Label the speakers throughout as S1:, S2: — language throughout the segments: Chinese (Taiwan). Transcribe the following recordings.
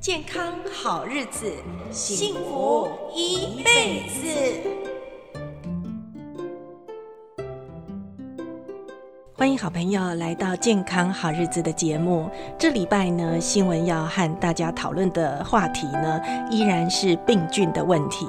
S1: 健康好日子，幸福一輩子。歡迎好朋友來到《健康好日子》的節目。這禮拜呢，新聞要和大家討論的話題呢，依然是病菌的問題。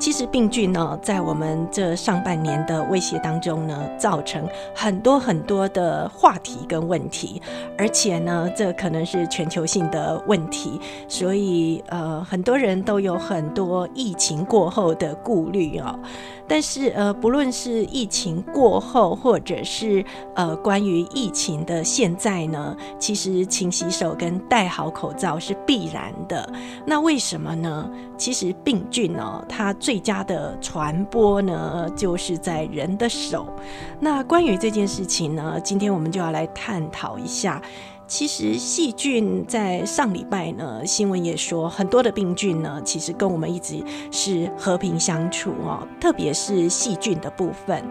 S1: 其實病菌呢，在我們這上半年的威脅當中呢，造成很多很多的話題跟問題，而且呢，這可能是全球性的問題，所以呃，很多人都有很多疫情過後的顧慮啊、哦。但是呃，不論是疫情過後，或者是呃，關於疫情的現在呢，其實勤洗手跟戴好口罩是必然的。那為什麼呢？其實病菌呢、哦，它最最佳的傳播呢，就是在人的手。那關於這件事情呢，今天我們就要來探討一下。其實細菌在上禮拜呢，新聞也說很多的病菌呢，其實跟我們一直是和平相處哦，特別是細菌的部分。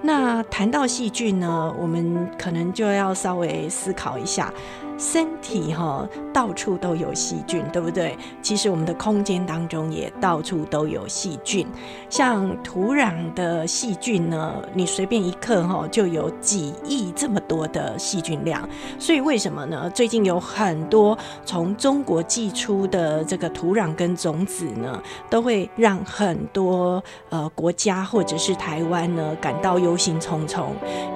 S1: 那談到細菌呢，我們可能就要稍微思考一下。身體哈、哦、到處都有細菌，對不對？其實我們的空間當中也到處都有細菌，像土壤的細菌呢，你隨便一克哈就有幾億這麼多的細菌量。所以為什麼呢？最近有很多從中國寄出的這個土壤跟種子呢，都會讓很多呃國家或者是台灣呢感到憂心忡忡，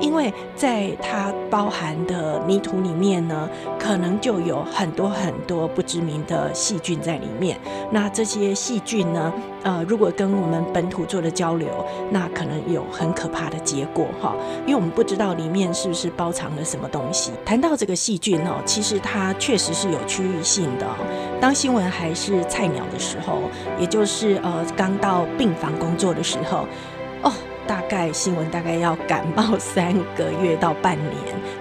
S1: 因為在它包含的泥土裡面呢。可能就有很多很多不知名的細菌在裡面。那這些細菌呢？呃，如果跟我們本土做的交流，那可能有很可怕的結果哈。因為我們不知道裡面是不是包藏了什麼東西。談到這個細菌哦，其實它確實是有區域性的。當新聞還是菜鳥的時候，也就是呃剛到病房工作的時候，哦，大概新聞大概要感冒三個月到半年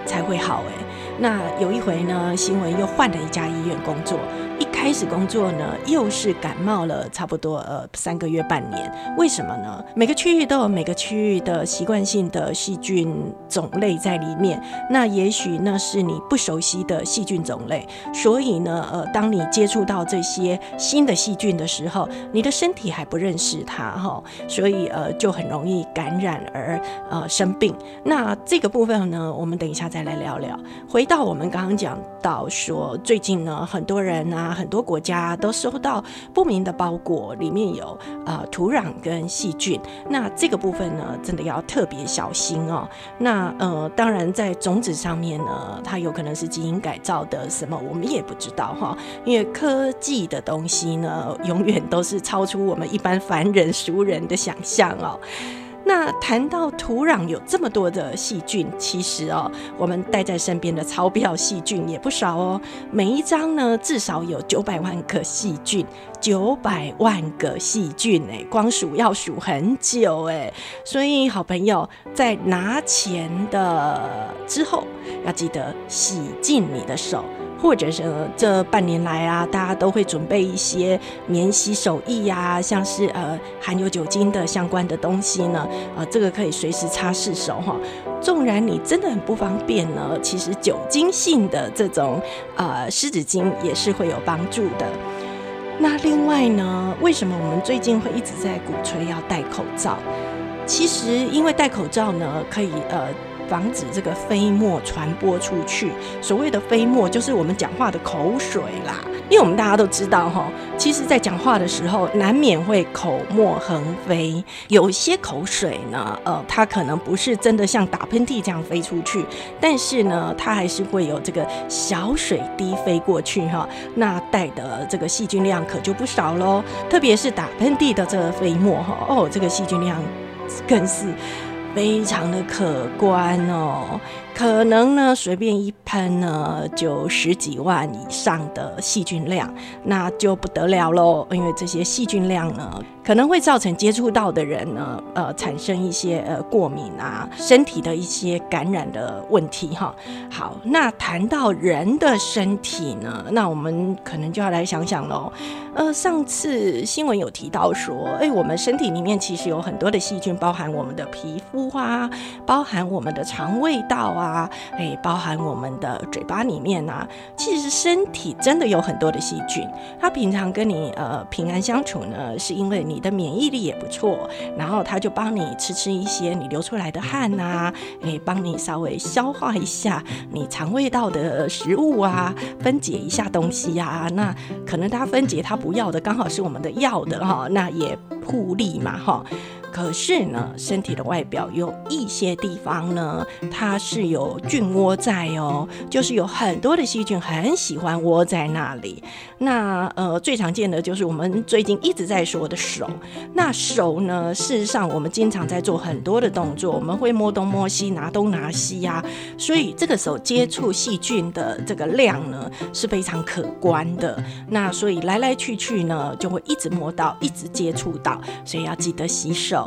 S1: 才會好哎。那有一回呢，新聞又換了一家醫院工作一。開始工作呢，又是感冒了，差不多呃三個月半年，為什麼呢？每個區域都有每個區域的習慣性的細菌種類在裡面，那也許那是你不熟悉的細菌種類，所以呢，呃，當你接觸到這些新的細菌的時候，你的身體還不認識它哈、哦，所以呃就很容易感染而呃生病。那這個部分呢，我們等一下再來聊聊。回到我們剛剛講到說，最近呢，很多人啊很。很多國家都收到不明的包裹，裡面有啊、呃、土壤跟細菌。那這個部分呢，真的要特別小心哦、喔。那呃，當然在種子上面呢，它有可能是基因改造的什麼，我們也不知道哈、喔。因為科技的東西呢，永遠都是超出我們一般凡人俗人的想象哦、喔。那談到土壤有這麼多的細菌，其實哦、喔，我們帶在身邊的鈔票細菌也不少哦、喔。每一張呢，至少有九百萬個細菌，九百萬個細菌、欸、光數要數很久、欸、所以，好朋友在拿錢的之後，要記得洗淨你的手。或者是這半年來啊，大家都會準備一些免洗手液呀、啊，像是呃含有酒精的相關的東西呢，呃，這個可以隨時擦拭手哈。縱然你真的很不方便呢，其實酒精性的這種呃濕紙巾也是會有幫助的。那另外呢，為什麼我們最近會一直在鼓吹要戴口罩？其實因為戴口罩呢，可以呃。防止這個飛沫傳播出去。所謂的飛沫，就是我們講話的口水啦。因為我們大家都知道，齁，其實在講話的時候，難免會口沫橫飛。有些口水呢，呃，它可能不是真的像打噴嚏這樣飛出去，但是呢，它還是會有這個小水滴飛過去，哈。那帶的這個細菌量可就不少嘍。特別是打噴嚏的這個飛沫，齁，哦，這個細菌量更是。非常的可觀哦，可能呢隨便一噴呢就十幾萬以上的細菌量，那就不得了嘍，因為這些細菌量呢，可能會造成接觸到的人呢，呃，產生一些呃過敏啊，身體的一些感染的問題哈。好，那談到人的身體呢，那我們可能就要來想想嘍。呃，上次新聞有提到說，哎、欸，我們身體裡面其實有很多的細菌，包含我們的皮膚啊，包含我們的腸胃道啊，哎、欸，包含我們的嘴巴裡面啊。其實身體真的有很多的細菌，它平常跟你呃平安相處呢，是因為你。你的免疫力也不錯，然後他就幫你吃吃一些你流出來的汗吶、啊，哎，幫你稍微消化一下你腸胃道的食物啊，分解一下東西呀、啊。那可能他分解他不要的，剛好是我們的要的哈，那也互利嘛哈。可是呢，身體的外表有一些地方呢，它是有菌窩在哦，就是有很多的細菌很喜歡窩在那裡。那呃，最常見的就是我們最近一直在說的手。那手呢，事實上我們經常在做很多的動作，我們會摸東摸西，拿東拿西呀、啊，所以這個手接觸細菌的這個量呢是非常可觀的。那所以來來去去呢，就會一直摸到，一直接觸到，所以要記得洗手。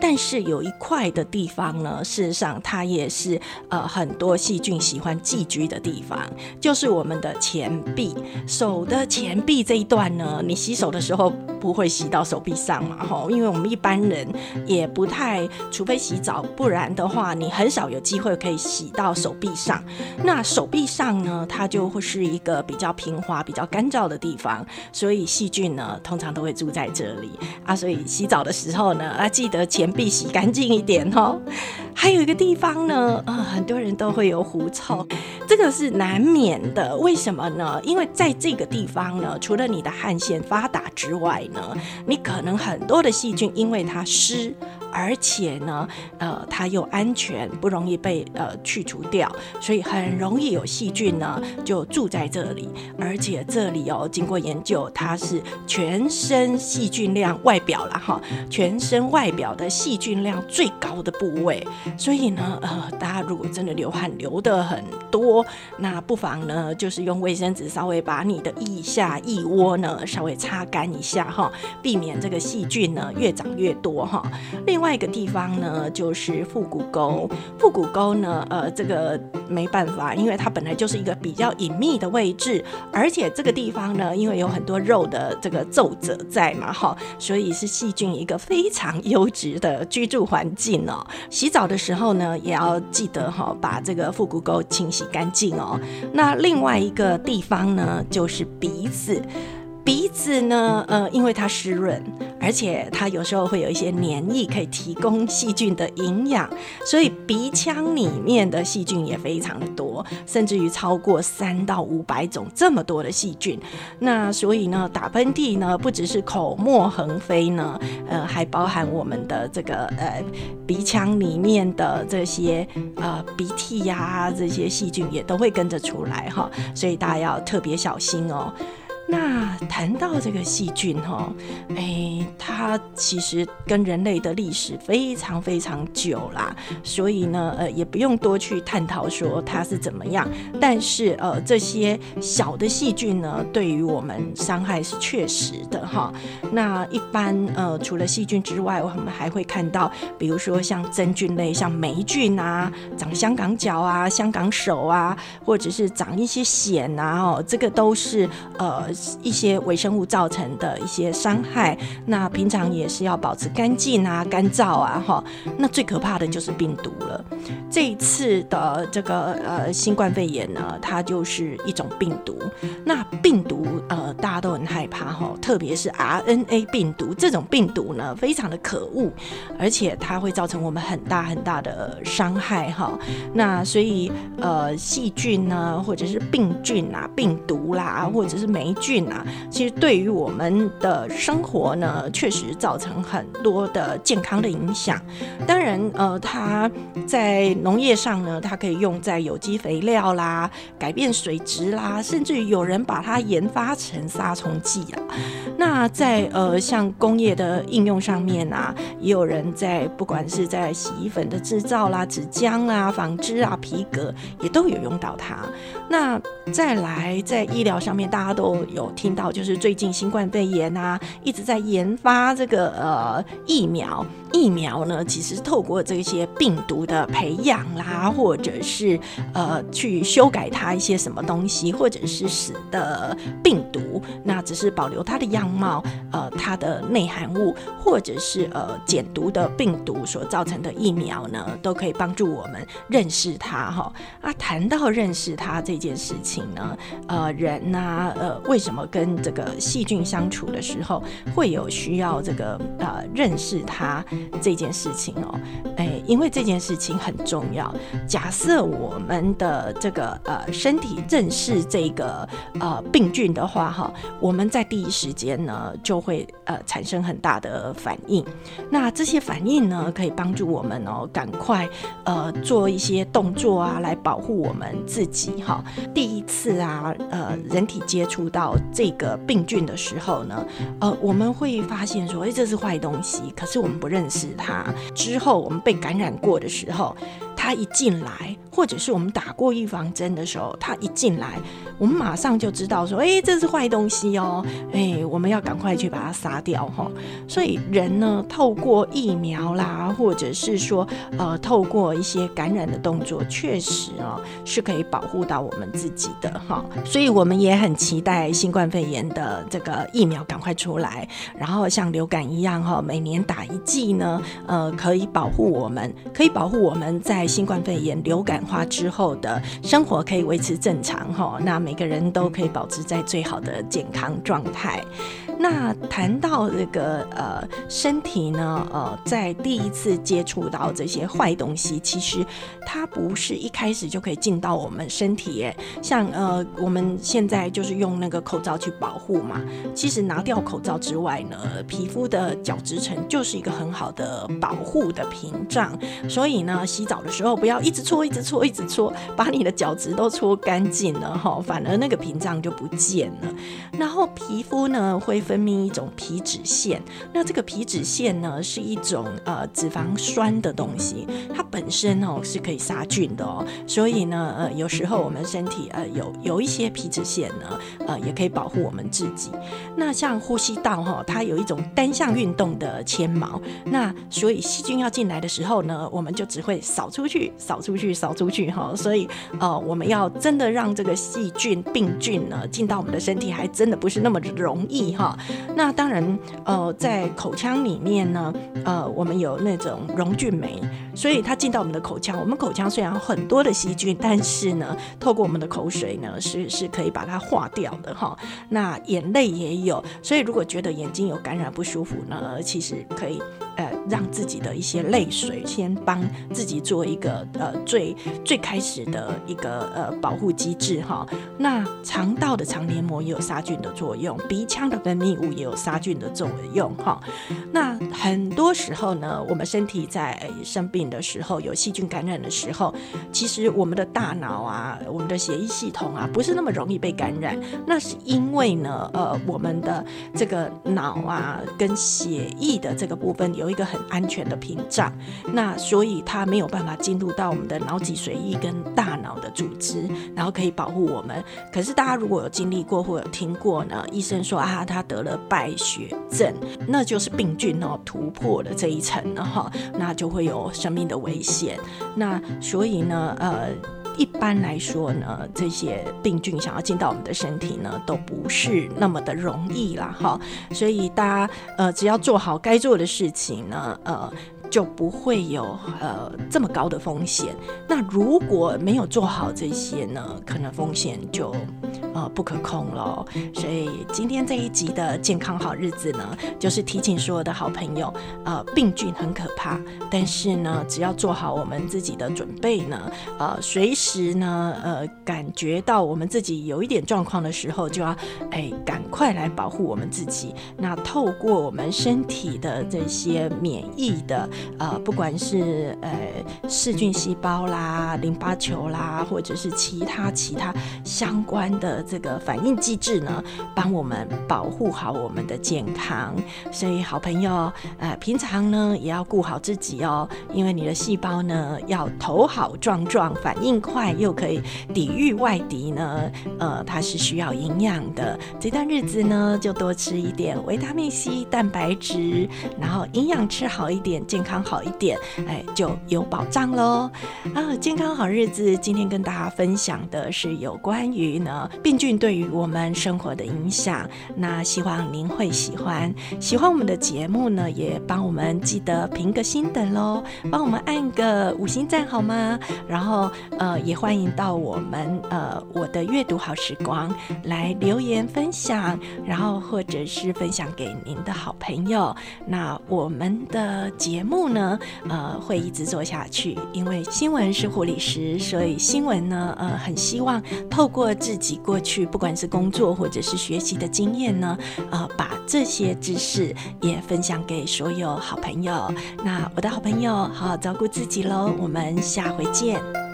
S1: 但是有一塊的地方呢，事實上它也是呃很多細菌喜歡寄居的地方，就是我們的前臂，手的前臂這一段呢。你洗手的時候不會洗到手臂上嘛？吼，因為我們一般人也不太，除非洗澡，不然的話你很少有機會可以洗到手臂上。那手臂上呢，它就會是一個比較平滑，比較乾燥的地方，所以細菌呢通常都會住在這裡啊。所以洗澡的時候呢，啊記得錢幣洗乾淨一點哦。還有一個地方呢，呃，很多人都會有狐臭，這個是難免的。為什麼呢？因為在這個地方呢，除了你的汗腺發達之外呢，你可能很多的細菌，因為它濕。而且呢，呃，它又安全，不容易被呃去除掉，所以很容易有細菌呢就住在這裡。而且這裡哦，經過研究，它是全身細菌量外表了哈，全身外表的細菌量最高的部位。所以呢，呃，大家如果真的流汗流得很多，那不妨呢，就是用衛生紙稍微把你的腋下、腋窩呢稍微擦乾一下哈，避免這個細菌呢越長越多哈。另另外一個地方呢，就是腹股溝。腹股溝呢，呃，這個沒辦法，因為它本來就是一個比較隱祕的位置，而且這個地方呢，因為有很多肉的這個皺褶在嘛，哈、哦，所以是細菌一個非常優質的居住環境哦。洗澡的時候呢，也要記得哈、哦，把這個腹股溝清洗乾淨哦。那另外一個地方呢，就是鼻子。鼻子呢，呃，因為它濕潤，而且它有時候會有一些黏液，可以提供細菌的營養，所以鼻腔裡面的細菌也非常的多，甚至於超過三到五百種這麼多的細菌。那所以呢，打噴嚏呢，不只是口沫橫飛呢，呃，還包含我們的這個呃鼻腔裡面的這些呃鼻涕呀、啊，這些細菌也都會跟着出來哈，所以大家要特別小心哦、喔。那談到這個細菌哈、喔欸，它其實跟人類的歷史非常非常久啦，所以呢，呃，也不用多去探討說它是怎麼樣。但是呃，這些小的細菌呢，對於我們傷害是確實的哈、喔。那一般呃，除了細菌之外，我們還會看到，比如說像真菌類，像霉菌啊，長香港腳啊、香港手啊，或者是長一些癬啊、喔，哦，這個都是呃。一些微生物造成的一些傷害，那平常也是要保持乾淨啊、乾燥啊，哈。那最可怕的就是病毒了。這一次的這個呃新冠肺炎呢，它就是一種病毒。那病毒呃大家都很害怕哈，特別是 RNA 病毒這種病毒呢，非常的可惡，而且它會造成我們很大很大的傷害哈。那所以呃細菌呢，或者是病菌啊、病毒啦、啊，或者是黴菌、啊。菌啊，其實對於我們的生活呢，確實造成很多的健康的影響。當然，呃，它在農業上呢，它可以用在有機肥料啦、改變水質啦，甚至有人把它研發成殺蟲劑啊。那在呃，像工業的應用上面啊，也有人在不管是在洗衣粉的製造啦、紙漿啦、紡織啊、皮革，也都有用到它。那再來，在醫療上面，大家都。有聽到，就是最近新冠肺炎啊，一直在研發這個呃疫苗。疫苗呢，其實透過這些病毒的培養啦，或者是呃去修改它一些什麼東西，或者是死的病毒，那只是保留它的樣貌，呃，它的內含物，或者是呃減毒的病毒所造成的疫苗呢，都可以幫助我們認識它哈、哦。啊，談到認識它這件事情呢，呃，人呢、啊，呃，為什麼跟這個細菌相處的時候會有需要這個呃認識它？這件事情哦，哎，因為這件事情很重要。假設我們的這個呃身體認識這個呃病菌的話，哈，我們在第一時間呢就會呃產生很大的反應。那這些反應呢可以幫助我們哦，趕快呃做一些動作啊，來保護我們自己哈。第一次啊，呃，人體接觸到這個病菌的時候呢，呃，我們會發現說，哎，這是壞東西，可是我們不認識。是他之後，我們被感染過的時候，他一進來，或者是我們打過預防針的時候，他一進來，我們馬上就知道說，欸，這是壞東西哦，欸，我們要趕快去把它殺掉哈。所以人呢，透過疫苗啦，或者是說，呃，透過一些感染的動作，確實哦，是可以保護到我們自己的哈。所以我們也很期待新冠肺炎的這個疫苗趕快出來，然後像流感一樣哈，每年打一劑呢，呃，可以保護我們，可以保護我們在。新冠肺炎流感化之後的生活可以維持正常，哈，那每個人都可以保持在最好的健康狀態。那談到這個呃身體呢，呃，在第一次接觸到這些壞東西，其實它不是一開始就可以進到我們身體耶。像呃我們現在就是用那個口罩去保護嘛，其實拿掉口罩之外呢，皮膚的角質層就是一個很好的保護的屏障。所以呢，洗澡的時候不要一直搓，一直搓，一直搓，把你的角質都搓乾淨了哈，反而那個屏障就不見了。然後皮膚呢會。分泌一種皮脂腺，那這個皮脂腺呢是一種呃脂肪酸的東西，它本身哦是可以殺菌的哦，所以呢呃有時候我們身體呃有有一些皮脂腺呢呃也可以保護我們自己。那像呼吸道哈、哦，它有一種單向運動的纖毛，那所以細菌要進來的時候呢，我們就只會掃出去，掃出去，掃出去哈、哦，所以呃我們要真的讓這個細菌病菌呢進到我們的身體，還真的不是那麼容易哈、哦。那當然，呃，在口腔裡面呢，呃，我們有那種溶菌酶，所以它進到我們的口腔，我們口腔雖然很多的細菌，但是呢，透過我們的口水呢，是是可以把它化掉的哈。那眼淚也有，所以如果覺得眼睛有感染不舒服呢，其實可以。呃，讓自己的一些淚水先幫自己做一個呃，最最開始的一個呃，保護機制哈。那腸道的腸黏膜也有殺菌的作用，鼻腔的分泌物也有殺菌的作用哈。那很多時候呢，我們身體在、欸、生病的時候，有細菌感染的時候，其實我們的大腦啊，我們的血液系統啊，不是那麼容易被感染。那是因為呢，呃，我們的這個腦啊，跟血液的這個部分，有一個很安全的屏障，那所以它沒有辦法進入到我們的腦脊髓液跟大腦的組織，然後可以保護我們。可是大家如果有經歷過或有聽過呢，醫生說啊，他得了敗血症，那就是病菌哦突破了這一層了哈，那就會有生命的危險。那所以呢，呃。一般來說呢，這些病菌想要進到我們的身體呢，都不是那麼的容易啦。哈，所以大家呃，只要做好該做的事情呢，呃，就不會有呃這麼高的風險。那如果沒有做好這些呢，可能風險就。呃，不可控嘍。所以今天這一集的健康好日子呢，就是提醒所有的好朋友，呃，病菌很可怕，但是呢，只要做好我們自己的準備呢，呃，隨時呢，呃，感覺到我們自己有一點狀況的時候，就要哎，趕快來保護我們自己。那透過我們身體的這些免疫的，呃，不管是呃噬菌細胞啦、淋巴球啦，或者是其他其他相關的。這個反應機制呢，幫我們保護好我們的健康，所以好朋友，呃，平常呢也要顧好自己哦，因為你的細胞呢要頭好壯壯，反應快，又可以抵禦外敵呢，呃，它是需要營養的。這段日子呢，就多吃一點維他命 C、蛋白質，然後營養吃好一點，健康好一點，哎，就有保障咯。啊，健康好日子，今天跟大家分享的是有關於呢。菌對於我們生活的影響，那希望您會喜歡。喜歡我們的節目呢，也幫我們記得評個星等嘍，幫我們按個五星讚好嗎？然後呃，也歡迎到我們呃我的閱讀好時光來留言分享，然後或者是分享給您的好朋友。那我們的節目呢，呃，會一直做下去，因為新聞是護理師，所以新聞呢，呃，很希望透過自己過去，不管是工作或者是學習的經驗呢，啊、呃，把這些知識也分享給所有好朋友。那我的好朋友，好好照顧自己嘍！我們下回見。